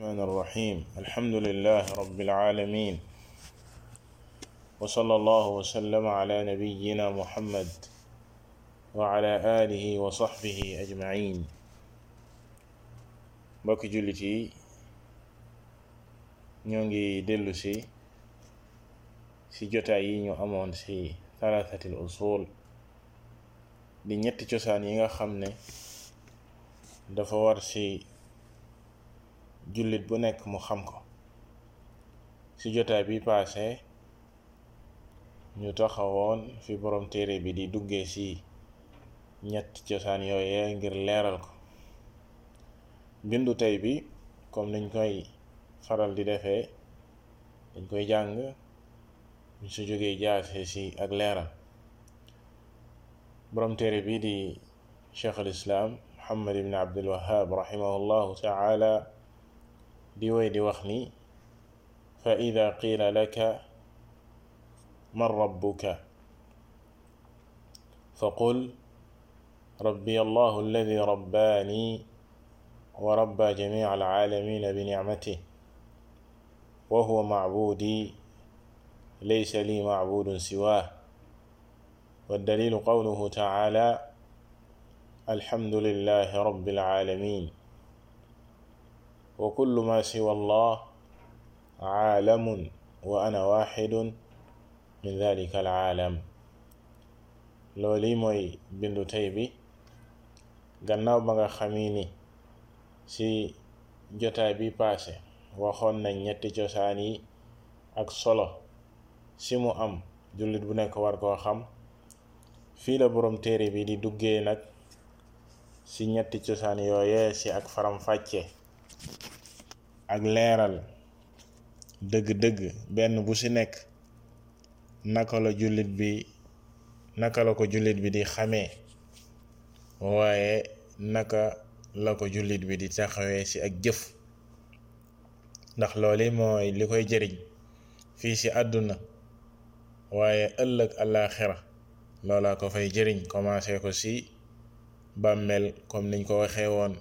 الرحمن الرحيم الحمد لله رب العالمين وصلى الله وسلم على نبينا محمد وعلى آله وصحبه أجمعين mbokki jullit yi ñoo ngi dellu si si jotaay yi ñu amoon si thalathatil usul di ñetti cosaan yi nga xam ne dafa war si jullit bu nekk mu xam ko ci jotaay bi paase ñu taxawoon fi borom téere bi di duggee ci ñett cosaan yooyee ngir leeral ko bindu tey bi comme dañ koy faral di defee dañ koy jàng ñu su jógee jaase ci ak leeral borom téere bi di cheikh islaam muhammad ibn abdul wahab rahimahullahu taala di woy di wax ni fa ida qiila laka man rabbuka fa qul rabbi allahu alladi rabbaani wa rabba jamica alcaalamina binicmatih wa huwa macbuudi laysa lii macbuudun siwaah waddaliilu qawluhu tacaala alhamdu lillahi rabbi alcaalamiin wa kullu ma siwa allah aalamun wa ana waxidun min dalika alaalam loolu mooy bindu tey bi gannaaw ba nga xamee ni ci jotaay bi paase waxoon na ñetti cosaan yi ak solo si mu am jullit bu nekk war koo xam fii la boroom téere bi di duggee nag ci ñetti cosaan yooyee ci ak faram fàcce ak leeral dëgg-dëgg benn bu ci nekk naka la jullit bi naka la ko jullit bi di xamee waaye naka la ko jullit bi di taxawee ci ak jëf ndax loolu mooy li koy jëriñ fii ci àdduna waaye ëllëg àllaaxira loola ko fay jëriñ commencé ko ci bàmmeel comme niñ ko waxee woon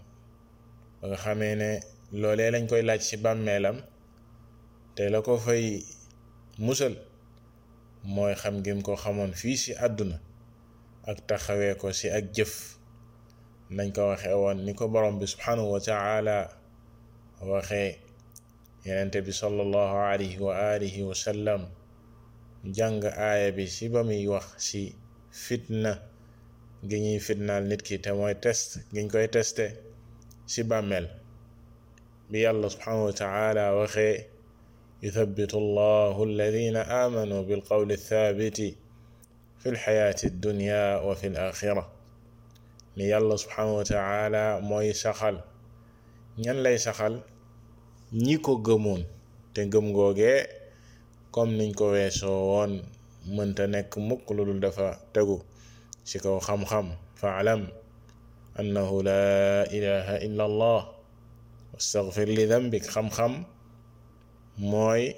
ba nga xamee ne loolee lañ koy laaj ci bàmmeelam te la ko fay musal mooy xam ngim ko xamoon fii ci àdduna ak taxawee ko ci ak jëf nañ ko waxee woon ni ko borom bi subhanahu wa taala waxee yenente bi sallallahu alayhi alihi wa jàng aaya bi ci ba muy wax ci fitna gi ñuy fitnaal nit ki te mooy test giñ koy teste ci bàmmeel bi yàlla subhanahu wa taala waxee yuthabitu allahu alladina amanu bilqawli thabiti fi wa fi yàlla subhanahu mooy saxal ñan lay saxal ñi ko gëmoon te gëm googee comme niñ ko weesoo mënta nekk mukk lu dul dafa tegu ci kaw xam-xam faalam annahu laa ilaha illa allah wastaghfir xam-xam mooy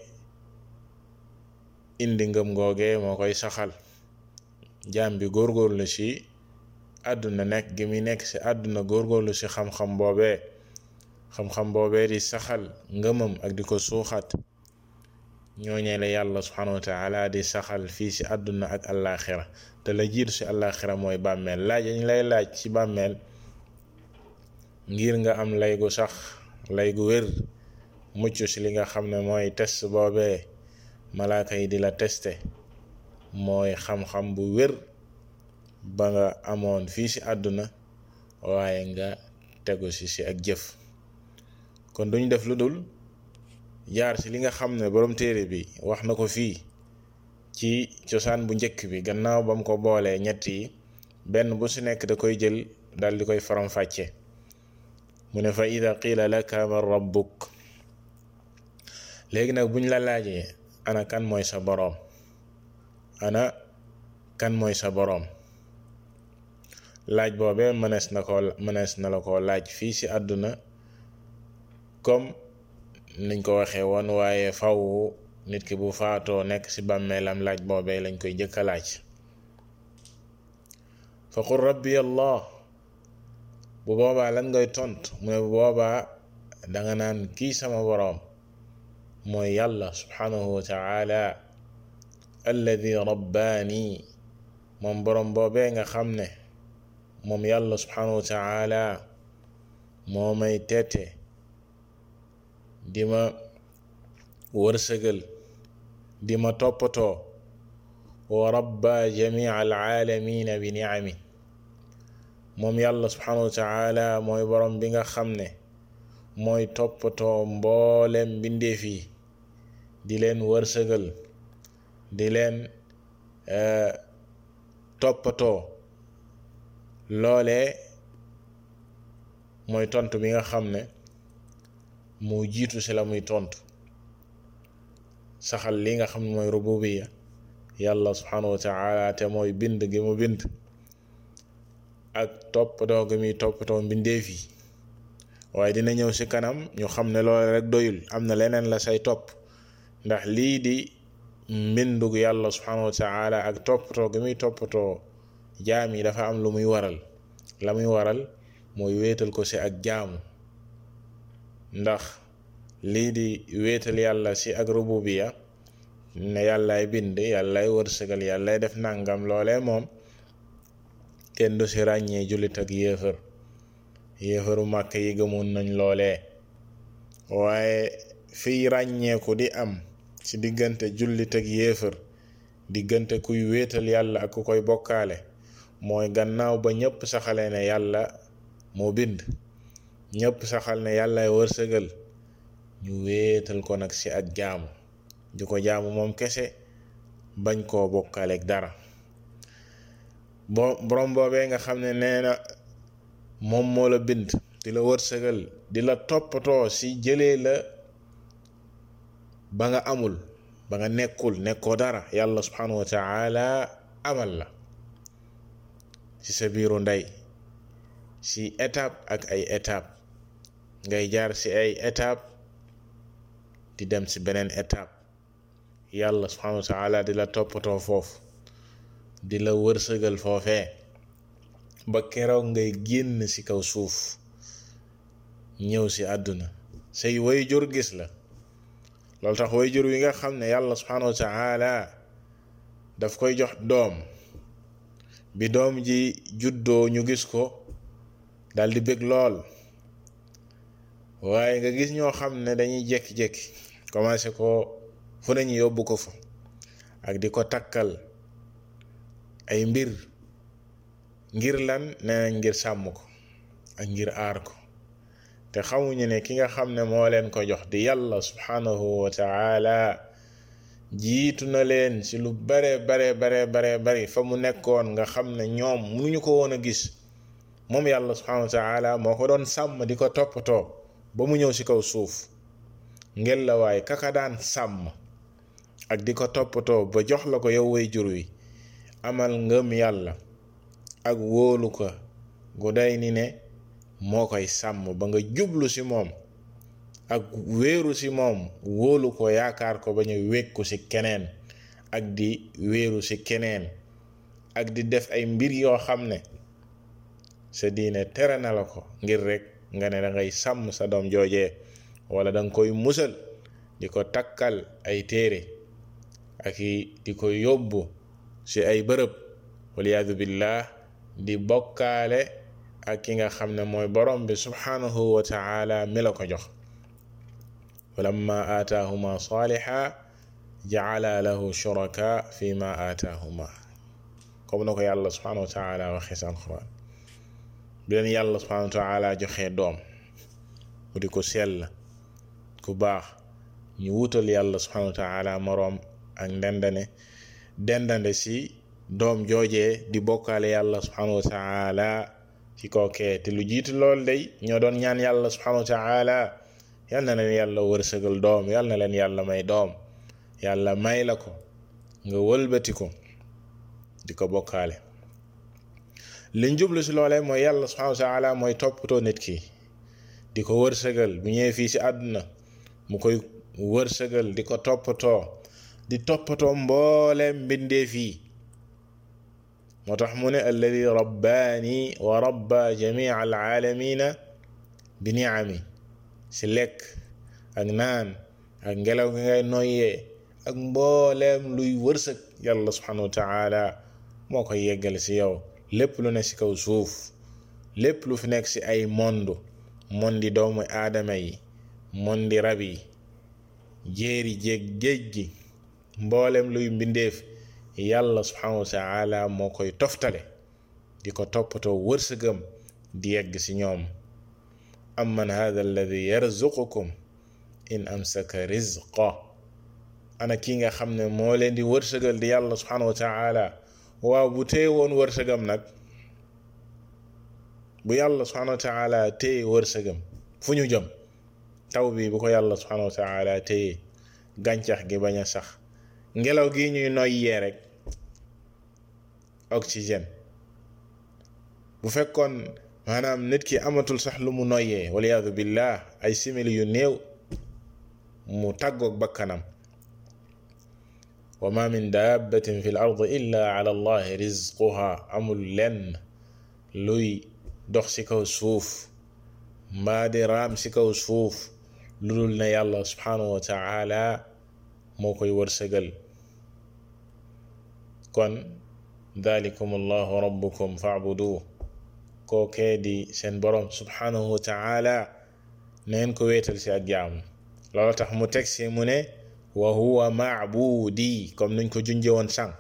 indi ngëm googee moo koy saxal jaam bi góorgóorlu ci àdduna nekk gi muy nekk ci àdduna góorgóorlu ci xam-xam boobee xam-xam boobee di saxal ngëmam ak di ko suuxat ñooñee la yàlla subhanahu wa taala di saxal fii ci àdduna ak àllaaxira te la jiitu ci àllaaxira mooy bàmmeel laaj dañ lay laaj ci bàmmeel ngir nga am lay gu sax lay gu wér mucc ci li nga xam ne mooy test boobee malaaka yi di la teste mooy xam-xam bu wér ba nga amoon fii ci àdduna waaye nga tegu ci ci ak jëf kon duñ def lu dul jaar ci li nga xam ne borom téere bi wax na ko fii ci cosaan bu njëkk bi gannaaw ba mu ko boolee ñett yi benn bu ci nekk da koy jël dal di koy faramfàcce mu ne fa ida qiila laka man rabbuk léegi nag buñ la laajee ana kan mooy sa boroom ana kan mooy sa boroom laaj boobee mënees na ko mënees na la ko laaj fii ci àdduna comme niñ ko waxee woon waaye faw nit ki bu faatoo nekk ci bàmmeelam laaj boobee lañ koy jëkka laaj fa qul rabbi bu boobaa lan ngay tontu mu ne bu boobaa danga naan kii sama boroom mooy yàlla subhanahu wa taala alladi rabbaani moom boroom boobee nga xam ne moom yàlla subhanahu wa taala moo may teete di ma wërsëgal di ma toppatoo wa rabba jamia alaalamina bi moom yàlla subhanahu wa mooy borom bi nga xam ne mooy toppatoo mboole mbindeef yi di leen wërsëgal di leen eh, toppatoo loole mooy tontu bi nga xam ne mu jiitu si la muy tontu saxal li nga xam ne mooy rububiya yàlla subhanahu wa te mooy bind gi mu bind ak toppatoo gi muy toppatoo mbindeef yi waaye dina ñëw si kanam ñu xam ne loolu rek doyul am na leneen la say topp ndax lii di mbindug yàlla subhanahu wa taala ak toppatoo gi muy toppatoo jaam yi dafa am lu muy waral la muy waral mooy wéetal ko ci ak jaamu ndax lii di wéetal yàlla ci ak rububiya ne yàllaay bind yàllaay wërsëgal yàllaay def nàngam loole moom kenn du si ràññee jullit ak yéefar yéefaru màkk yi gëmoon nañ loolee waaye fiy ràññeeku di am ci diggante jullit ak yéefar diggante kuy wéetal yàlla ak ku koy bokkaale mooy gannaaw ba ñépp saxale ne yàlla moo bind ñépp saxal ne yàllaay wërsëgal ñu wéetal ko nag ci ak jaamu di ko jaamu moom kese bañ koo bokkaaleeg dara borom boobee nga xam ne nee na moom moo la bind di la wërsëgal di la toppatoo si jëlee la ba nga amul ba nga nekkul nekkoo dara yàlla subhanahu wa taala amal la ci sa biiru ndey si étape ak ay étape ngay jaar si ay étape di dem si beneen étape yàlla subhanahu di la toppatoo foofu di la wërsëgal foofee ba keroog ngay génn ci kaw suuf ñëw ci àdduna say wayjur gis la loolu tax wayjur wi nga xam ne yàlla subhaanahu wa daf koy jox doom bi doom ji juddoo ñu gis ko daldi bëgg lool waaye nga gis ñoo xam ne dañuy jékki-jékki commencé ko fu nañu yóbbu ko fa ak di ko takkal ay mbir ngir lan nee nañ ngir sàmm ko ak ngir aar ko te xamuñu ne ki nga xam ne moo leen ko jox di yàlla subhanahu wa jiitu na leen ci lu bare bare bare bare bari fa mu nekkoon nga xam ne ñoom mënuñu ko woon a gis moom yàlla subhanahu wa taala moo ko doon sàmm di ko toppatoo ba mu ñëw si kaw suuf ngel la waay kaka daan sàmm ak di ko toppatoo ba jox la ko yow way jur wi amal ngëm yàlla ak wóolu ko gu day ni ne moo koy sàmm ba nga jublu ci moom ak wéeru ci moom wóolu ko yaakaar ko ba ñu wékku ci keneen ak di wéeru ci keneen ak di def ay mbir yoo xam ne sa diine tere na la ko ngir rekk nga ne da sàmm sa doom jooje walla danga koy musal di ko takkal ay téere ak i di ko yóbbu ci ay bërëb waliyaadu billah di bokkaale ak ki nga xam ne mooy borom bi subhaanahu wa mi la ko jox falamma aataahuma saaliha jacala lahu shuraka fi ma na ko yàlla subhaanahu wa taala waxee ci bi leen yàlla subhaanahu wa taala doom mu di ko sell ku baax ñu wutal yàlla subhaanahu wa taala moroom ak ndendane dendande si doom joojee di bokkaale yàlla subhanahu wa ci kookee te lu jiitu lool day ñoo doon ñaan yàlla subhanahu wa taala yal na leen yàlla wërsëgal doom yal leen yàlla may doom yàlla may la ko nga wëlbati ko di ko bokkaale liñ jublu si loolee mooy yàlla subhanahu wa mooy toppatoo nit ki di ko wërsëgal bu ñëwee fii si àdduna mu koy wërsëgal di ko toppatoo di toppatoo mbooleem mbindeef yi moo tax mu ne alladi rabbaani wa rabba jamia alaalamina bi niami si lekk ak naan ak ngelaw gi ngay noyyee ak mbooleem luy wërsëg yàlla subhanahu wa moo ko yeggale ci yow lépp lu ne si kaw suuf lépp lu fi nekk ci ay monde mondi doomu aadama yi mondi rab yi jéeri jéeg géej gi mboolem luy mbindeef yàlla subhanahu wa taala moo koy toftale di ko toppatoo wërsëgam di yegg ci ñoom am man hada alladi yarzuqukum in amsaka rizqa ana kii nga xam ne moo leen di wërsëgal di yàlla subhanahu wa taala waaw bu téye woon wërsëgam nag bu yàlla subhanahu wa taala fu ñu jëm taw bi bu ko yàlla subhanahu wa taala téye gàncax gi bañ a sax ngelaw gi ñuy noy yee bu fekkoon maanaam nit ki amatul sax lu mu noyyee waliyaadu billah ay simili yu néew mu tàggoog bakkanam wa ma min daabatin fi l rizquha amul len luy dox ci kaw suuf raam ci kaw suuf lu dul ne yàlla subhanahu wa taala moo koy wërsëgal kon dalikum allahu rabbukum faabudu kookee di seen borom subhanahu wa taala neen ko wéetal si ak jaamu loolu tax mu teg si mu ne wa huwa maabudi comme nuñ ko junjee woon sànq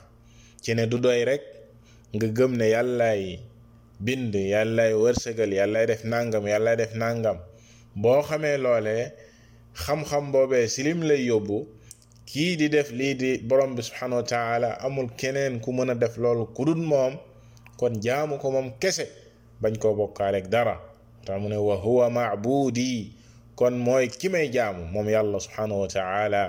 ci ne du doy rekk nga gëm ne yàllaay bind yàllaay wërsëgal yàllaay def nangam yàllaay def nangam boo xamee loolee xam-xam boobee si lay yóbbu kii di def lii di borom bi subhanahu wa amul keneen ku mën a def loolu ku moom kon jaamu ko moom kese bañ koo bokkaaleeg dara tax mu ne wa huwa maabudi kon mooy ki may jaamu moom yàlla subhanahu wa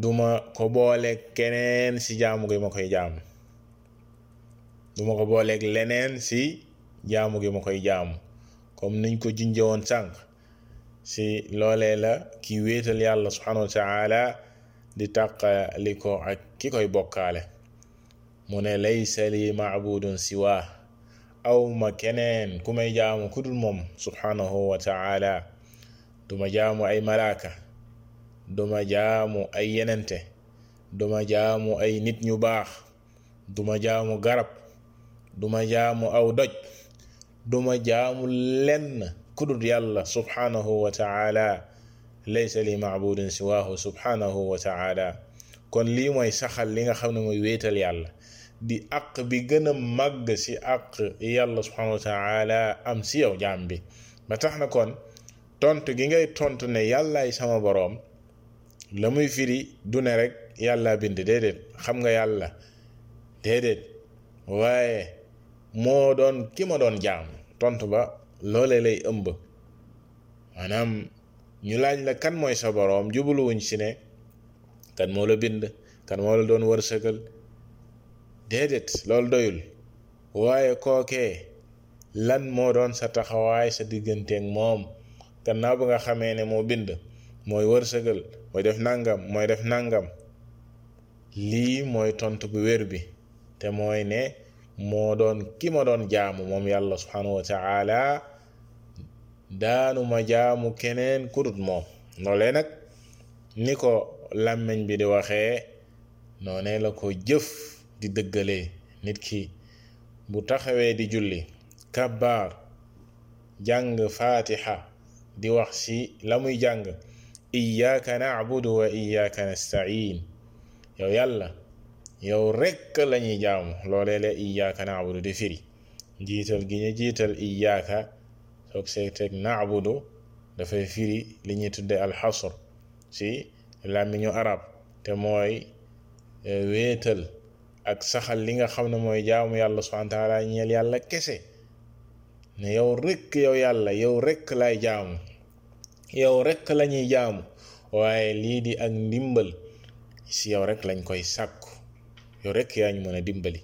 duma ko booleeg keneen si jaamu gi ma koy jaamu leneen si jaamu gi ma koy jaamu comme niñ ko junjee woon sànq si loolee la ki wéetal yàlla subhanahu wa di tàqali ko ak ki koy bokkaale mu ne laysa li maabudun siwa aw keneen ku may jaamu ku dul moom subhanahu wa duma jaamu ay malaaka duma jaamu ay yenente duma jaamu ay nit ñu baax duma jaamu garab duma jaamu aw doj duma jaamu lenn kudul yàlla subhanahu wa ta'ala laysa li maabudin siwaahu subhanahu wa ta'ala kon lii mooy saxal li nga xam ne mooy wéetal yàlla di àq bi gën a màgg si àq yàlla subhanahu wa ta'ala am si yow jaam bi ba tax na kon tont gi ngay tontu ne yàllaay sama boroom la muy firi dune ne rek yàlla bind déedéet xam nga yàlla déedéet waaye moo doon ki ma doon jaam tontu ba loole lay ëmb maanaam ñu laaj la kan mooy sa boroom jubaluwuñ si ne kan moo la bind kan moo la doon wërsëgal déedéet lool doyul waaye kooke lan moo doon sa taxawaay sa digganteeg moom gannaaw bu nga xamee ne moo bind mooy wërsëgal mooy def nangam mooy def nangam lii mooy tontu bu wér bi te mooy ne moo doon ki ma doon jaamu moom yàlla subhanahu wa daanuma jaamu keneen kudut moom loolee nag ni ko làmmiñ bi di waxee noonee la ko jëf di dëggalee nit ki bu taxawee di julli kabbaar jàng faatiha di wax ci la muy jàng iyyaka na'budu wa iyyaka nasta'in yow yàlla yow rekk lañuy jaamu loolee la iyyaka na'budu di firi jiital gi ñu jiital iyyaka soog see teg naabudu dafay firi li ñuy tuddee alxasr si làmmiñu arab te mooy euh, wéetal ak saxal li nga xam ne mooy jaamu yàlla subhanahu wa taala yàlla kese ne yow rekk yow yàlla yow rekk lay jaamu yow rekk lañuy jaamu waaye lii di ak ndimbal si yow rekk lañ koy sàkku yow rekk yaa ñu mën dimbali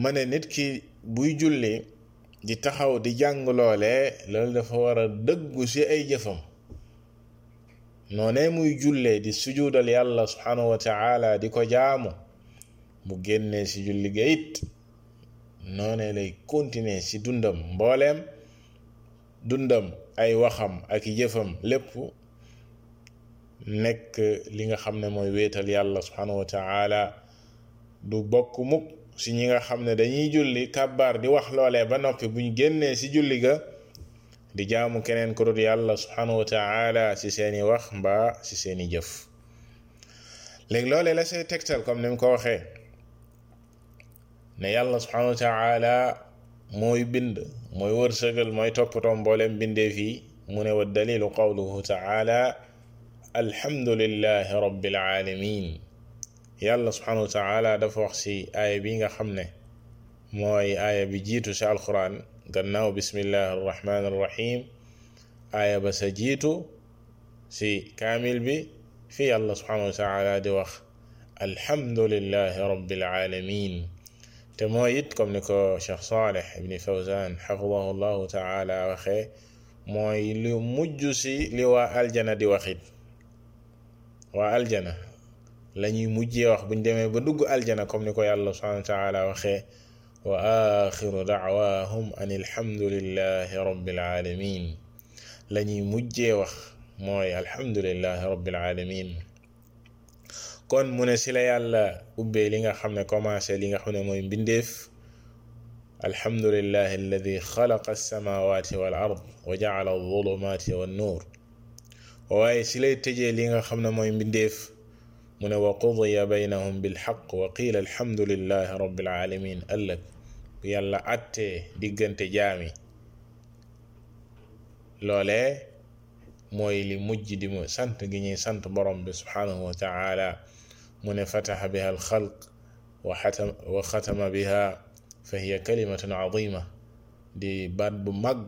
ma ne nit ki buy julli di taxaw di jàng loolee loolu dafa war a dëggu ci ay jëfam noonee muy jullee di sujuudal yàlla subhaanahu wa di ko jaamu mu génnee ci julli ga noonee lay continuer ci dundam mbooleem dundam ay waxam ak jëfam lépp nekk li nga xam ne mooy wéetal yàlla subhaanahu wa du bokk mukk si ñi nga xam ne dañuy julli kàbbaar di wax loolee ba noppi buñ génnee si julli ga di jaamu keneen ku dul yàlla subhanahu wa taala si seeni wax mbaa ci seeni jëf léegi loolee la say tegtal comme ni mu ko waxee ne yàlla subhanahu wa mooy bind mooy wërsëgal mooy toppatoo mbooleem bindee fii mu ne wa dalilu qawluhu taala alhamdulillahi rabbil alamin yàlla subhanahu wa taala dafa wax ci aaya bi nga xam ne mooy aaya bi jiitu ci alxuraan gannaaw bismillahi arrahmani arrahim aaya ba sa jiitu ci kaamil bi fi yàlla subhanahu wa taala di wax alhamdulillahi rabbil alamin te mooy it comme ni ko cheikh saleh ibni fawzan xafidahu llahu taala waxee mooy lu mujj ci li waa aljana di waxit waa aljana la ñuy mujjee wax buñ demee ba dugg aljana comme ni ko yàlla subhanahu wa taala waxee wa axiru daawahum an alhamdulillahi rabbil alamin la ñuy mujjee wax mooy alhamdulillahi rabbil alamin kon mu si la yàlla ubbee li nga xam ne commencé li nga xam ne mooy mbindeef alhamdulillahi alladi xalaqa alsamawati wal ard wa jaala alzulumati wan nuur waaye si lay tëjee li nga xam ne mooy mbindeef mu ne wa qudiya baynahum bilxaq wa qiila alhamdulillahi rabbil alamin ëllëg bu yàlla attee diggante jaami loole mooy li mujj di mu sant gi ñuy sant borom bi subhaanahu wa taala mu ne fataxa biha alxalq wa xatama wa xatama fa hiya kalimatun azima di baat bu mag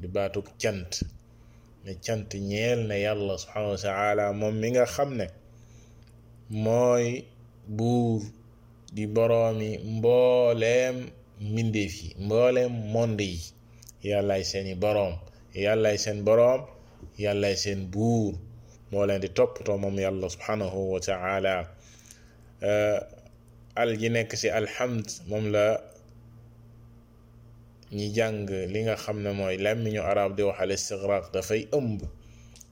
di baatub cant ñeel na yàlla subhaanahu wa taala moom mi nga xam ne mooy buur di boroomi mboolem mbindeef yi mbooleem monde yi yàllaay seeni boroom yàllaay seen boroom yàllaay seen buur moo leen di toppatoo moom yàlla subhanahu wa taala eh, al nekk ci alhamd moom la ñi jàng li nga xam ne mooy làmmiñu arab di wax al istigraq dafay ëmb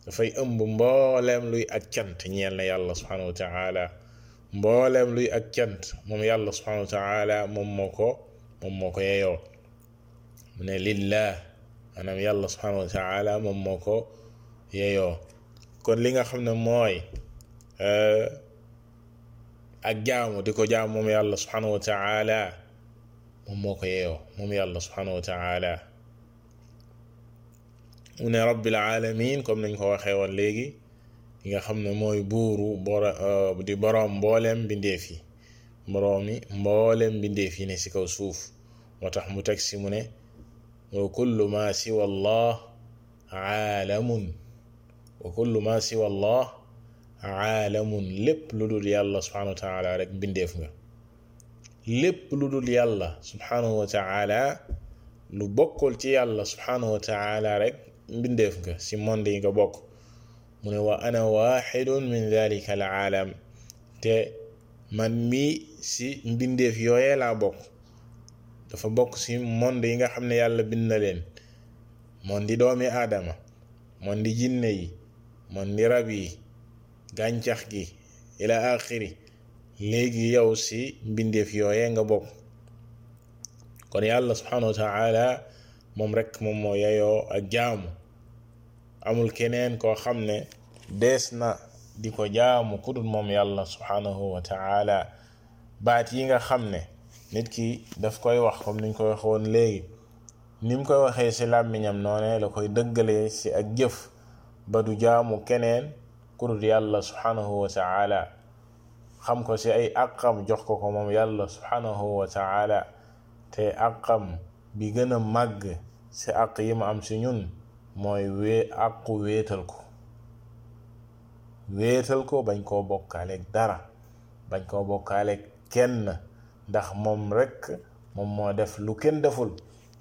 dafay ëmb mbooleem luy ak cant ñeel na yàlla subhanahu wa taala mbooleem luy ak cant moom yàlla subhanahu wa taala moom moo ko moom moo ko yeyoo mu ne lillah yàlla subhanahu moom moo ko yeyoo kon li nga xam ne mooy eh, ak jaamu di ko jaam moom yàlla subhanahu wa taala moom moo ko yeyoo moom yàlla subhanahu wa taala mu ne rabbil alamin comme nañ ko waxee woon léegi yi nga xam ne mooy buuru bor euh, di boroom mbooleem mbindeef yi boroom yi mbooleem mbindeef yi ne ci kaw suuf moo tax mu teg si mu ne wa kullu ma siwa allah aalamun wa allah lépp lu dul yàlla subhanahu wa rek mbindeef lu dul yàlla bokkul ci yàlla subhanahu wa taala rek mbindeef nga ci monde yi nga bokk mu ne wa ana waxidun min dalika al te man mii ci mbindeef yooyee laa bokk dafa bokk ci monde yi nga xam ne yàlla bind na leen monde doomi aadama monde jinne yi monde rab yi gàncax gi ila axiri léegi yow ci mbindeef yooyee nga bokk kon yàlla subhanahu wa moom rekk moom moo yeyoo ak jaamu amul keneen koo xam ne dees na di ko jaamu ku moom yàlla subhanahu wa taala baat yi nga xam ne nit ki daf koy wax ko niñ koy waxoon léegi ni koy waxee si làmmiñam noone la koy dëggalee ci ak jëf ba du jaamu keneen ku yàlla subhanahu wa taala xam ko si ay àqam jox ko ko moom yàlla subhanahu wa taala te àqam bi gën a màgg ci àq yi mu am si ñun mooy wée àqu wéetal ko wéetal ko bañ koo bokkaaleeg dara bañ koo bokkaaleeg kenn ndax moom rekk moom moo def lu kenn deful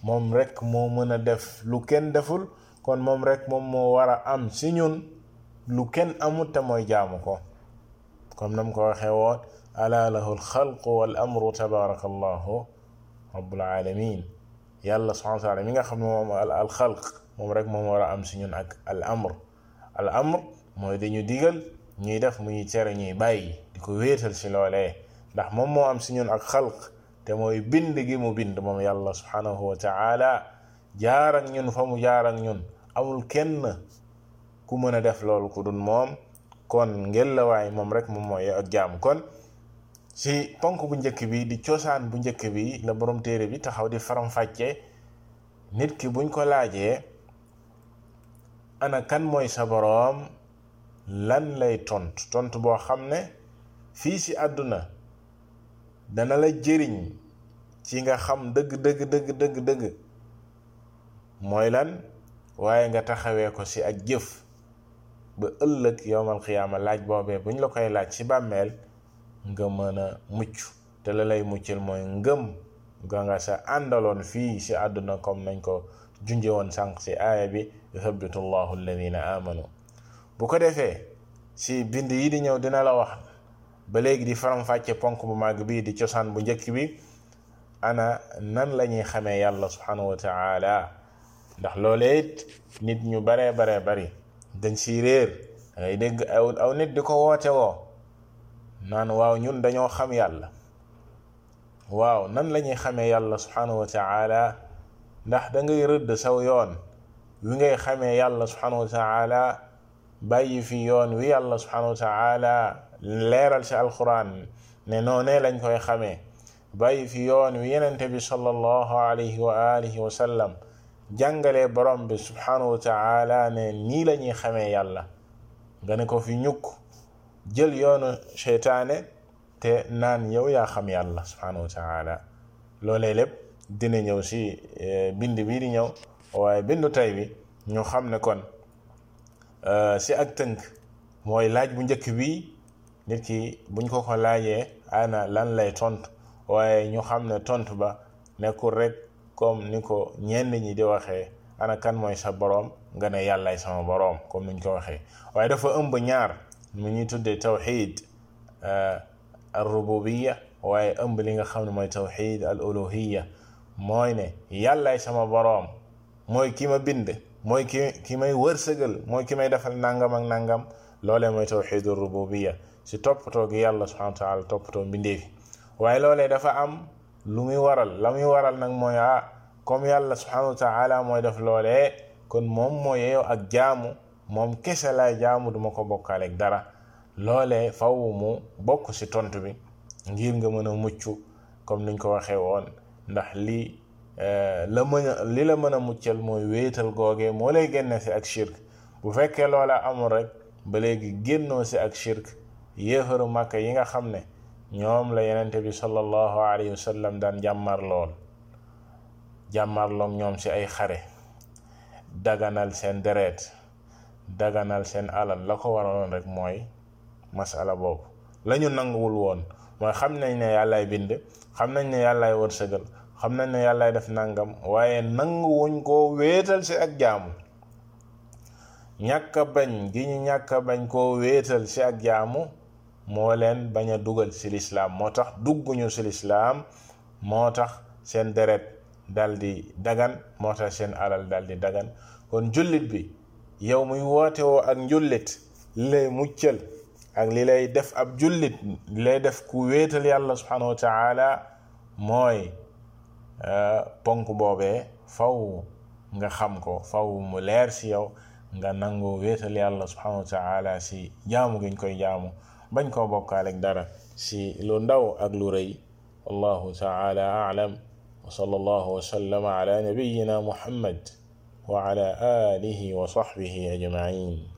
moom rekk moo mën a def lu kenn deful kon moom rekk moom moo war a am si ñun lu kenn amut te mooy jaamu ko comme nam ko waxee woon ala lahu alxalqu wal amru tabaraka allahu rabbul alamin yàlla subhanahu wa taala mi nga xam ne moom al alxalq moom rek moom war a am si ñun ak al amr al amr mooy dañu digal ñuy def muy tere ñuy bàyyi di ko wéetal si loolee ndax moom moo am si ñun ak xalq te mooy bind gi mu bind moom yàlla subhanahu wa taala jaar ak ñun fa mu jaar ñun amul kenn ku mën a def loolu ku dul moom kon ngelawaay moom rek moom mooy ak jaam kon si ponk bu njëkk bi di cosaan bu njëkk bi la borom téere bi taxaw di faram-fàccee nit ki buñ ko laajee ana kan mooy sa boroom lan lay tontu tontu boo xam ne fii ci àdduna dana la jëriñ ci nga xam dëgg dëgg dëgg dëgg mooy lan waaye nga taxawee ko ci ak jëf ba ëllëg yowmal xiyaama laaj boobee buñ la koy laaj ci bàmmeel nga mën a mucc te la lay muccal mooy ngëm nga nga sa àndaloon fii ci àdduna comme nañ ko junje woon sànq si aaya bi yuthabitu llahu alladina amanu bu ko defee si bind yi di ñëw dina la wax ba léegi di faram-fàcce ponk bu màgg bii di cosaan bu njëkk bi ana nan lañuy xamee yàlla subhanahu wa taala ndax loolee nit ñu baree baree bari dañ siy réer dangay aw aw di ko woote woo naan waaw ñun dañoo xam yàlla waaw nan la xamee yàlla subhanahu wa taala ndax dangay rëdd saw yoon wi ngay xamee yàlla subhanahu wa taala bàyyi fi yoon wi yàlla subhanahu wa taala leeral ci alquran ne noonee lañ koy xamee bàyyi fi yoon wi yenente bi sallallahu alayhi wa alihi borom bi subhanahu wa taala ne nii la ñuy xame yàlla nga ne ko fi ñukk jël yoonu seytaane te naan yow yaa xam yàlla subhanahu wa taala loolee lépp dina ñëw si e, bind bii di ñëw waaye bindu tey bi ñu xam ne kon e, si ak tënk mooy laaj bu njëkk bii nit ki buñ ko ko laajee ana lan lay tontu waaye ñu xam ne tontu ba nekkul rek comme ni ko ñeen ñi di waxee ana kan mooy sa boroom nga ne yàllaay sama boroom comme niñ ko waxee waaye dafa ëmb ñaar mu ñuy tuddee tawxid e, ar rububiya waaye ëmb li nga xam ne mooy tawxid al uluhiya mooy ne yàllaay sama boroom mooy kii ma bind mooy ki ki may wërsëgal mooy ki may defal nangam ak nangam loole mooy tawxiidu rububiya si toppatoo gi yàlla subhanahu wa taala toppatoo mbindeefi waaye loole dafa am lu muy waral la muy waral nag mooy ah comme yàlla subhanahu wa mooy def loolee kon moom mooy yeeyoo ak jaamu moom kese laay jaamu duma ko bokkaale dara loole faw mu bokk si tont bi ngir nga mën a mucc comme niñ ko waxee woon ndax li eh, la mën a li la mën a muccal mooy wéetal googe moo lay génne si ak shirk bu fekkee loola amul rek ba léegi génnoo si ak shirk yéefaru màkk yi nga xam ne ñoom la yenente bi sallallahu alayhi wa sallam daan jàmmar lool ñoom si ay xare daganal seen deret daganal seen alal la ko waraloon rek mooy masala boobu lañu nanguwul woon mooy xam nañ ne yàllaay bind xam nañ ne yàllaay wërsëgal xam nañ ne yàllaay def nangam waaye nangu wuñ koo wéetal ci ak jaamu ñàkk bañ gi ñàkk bañ koo wéetal ci ak jaamu moo leen bañ a dugal ci lislaam moo tax dugguñu ci lislaam moo tax seen deret daldi dagan moo tax seen alal dal di dagan kon jullit bi yow muy woote ak njullit li lay muccal ak li lay def ab jullit li lay def ku wéetal yàlla subhanahu wa taala mooy euh, ponk boobee faw nga xam ko faw mu leer ci yow nga nangoo wéetal yàlla subhanahu wa taala ci jaamu giñ koy jaamu bañ koo bokkaaleeg dara ci lu ndaw ak lu rëy wallahu taala a'lam wa sallallahu wa sallama ala nabiyyina muhammad wa ala alihi wa sahbihi ajma'in